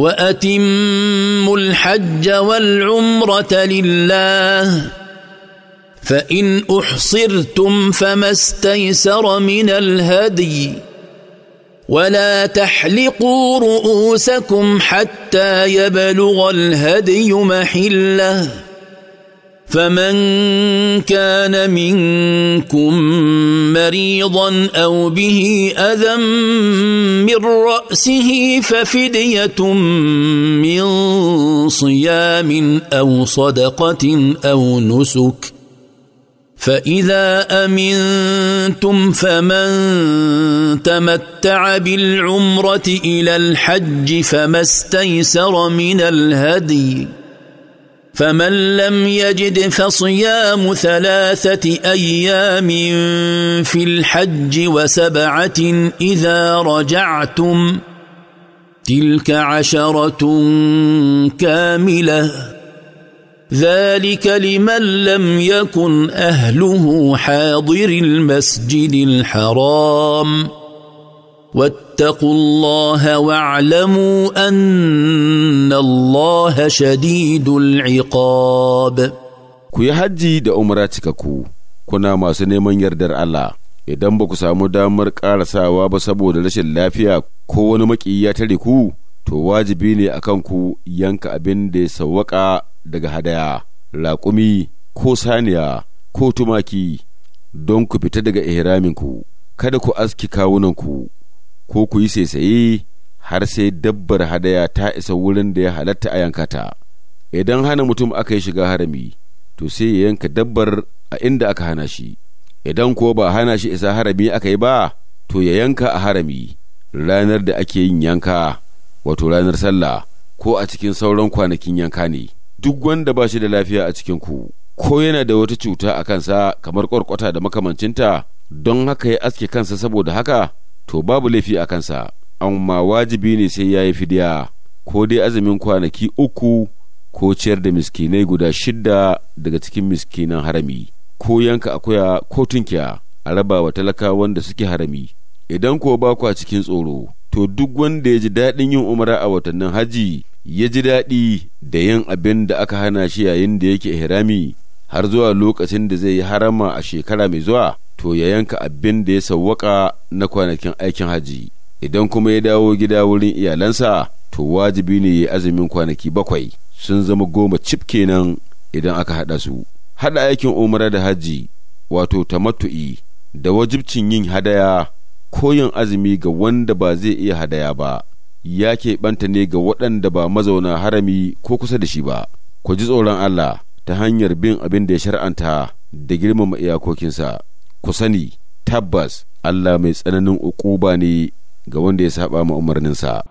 واتموا الحج والعمره لله فان احصرتم فما استيسر من الهدي ولا تحلقوا رؤوسكم حتى يبلغ الهدي محله فمن كان منكم مريضا او به اذى من راسه ففديه من صيام او صدقه او نسك فاذا امنتم فمن تمتع بالعمره الى الحج فما استيسر من الهدي فمن لم يجد فصيام ثلاثه ايام في الحج وسبعه اذا رجعتم تلك عشره كامله ذلك لمن لم يكن اهله حاضر المسجد الحرام واتقوا الله واعلموا ان الله شديد العقاب ku yi hajji da umra cikakku kuna masu neman yardar Allah idan ba ku samu damar ƙarasawa ba saboda rashin lafiya ko wani maki ya tare ku to wajibi ne a ku yanka abin da ya sawwaka daga hadaya raƙumi ko saniya ko tumaki don ku fita daga ihraminku kada ku aski kawunanku ko ku yi saisaye har sai dabbar hadaya ta isa wurin da ya halatta a yanka ta idan hana mutum aka yi shiga harami to sai ya yanka dabbar a inda aka hana shi idan ko ba hana shi isa harami aka yi ba to ya yanka a harami ranar da ake yin yanka wato ranar sallah ko a cikin sauran kwanakin yanka ne duk wanda ba shi da lafiya a cikin ku ko yana da wata cuta a kansa kamar kwarkwata da makamancinta don haka ya aske kansa saboda haka to babu laifi a kansa amma wajibi ne sai ya yi fidiya ko dai azumin kwanaki uku ko ciyar da miskinai guda shidda daga cikin miskinan harami ko yanka akuya ko tunkiya a raba wa talaka wanda suke harami idan ko ba kwa cikin tsoro to duk wanda ya ji daɗin yin umara a watannin haji ya ji daɗi da yin abin da aka hana shi yayin da yake hirami har zuwa lokacin da zai yi harama a shekara mai zuwa to ya yanka abin da ya sawwaka na kwanakin aikin haji idan kuma ya dawo gida wurin iyalansa to wajibi ne ya azumin kwanaki bakwai sun zama goma cif kenan idan aka haɗa su haɗa aikin umara da haji wato tamattu'i da wajibcin yin hadaya ko yin azumi ga wanda ba zai iya hadaya ba ya keɓanta ne ga waɗanda ba mazauna harami ko kusa da shi ba ku ji tsoron Allah ta hanyar bin abin da ya shar'anta da girmama iyakokinsa ku sani tabbas Allah mai tsananin uquba ne ga wanda ya saba ma umarninsa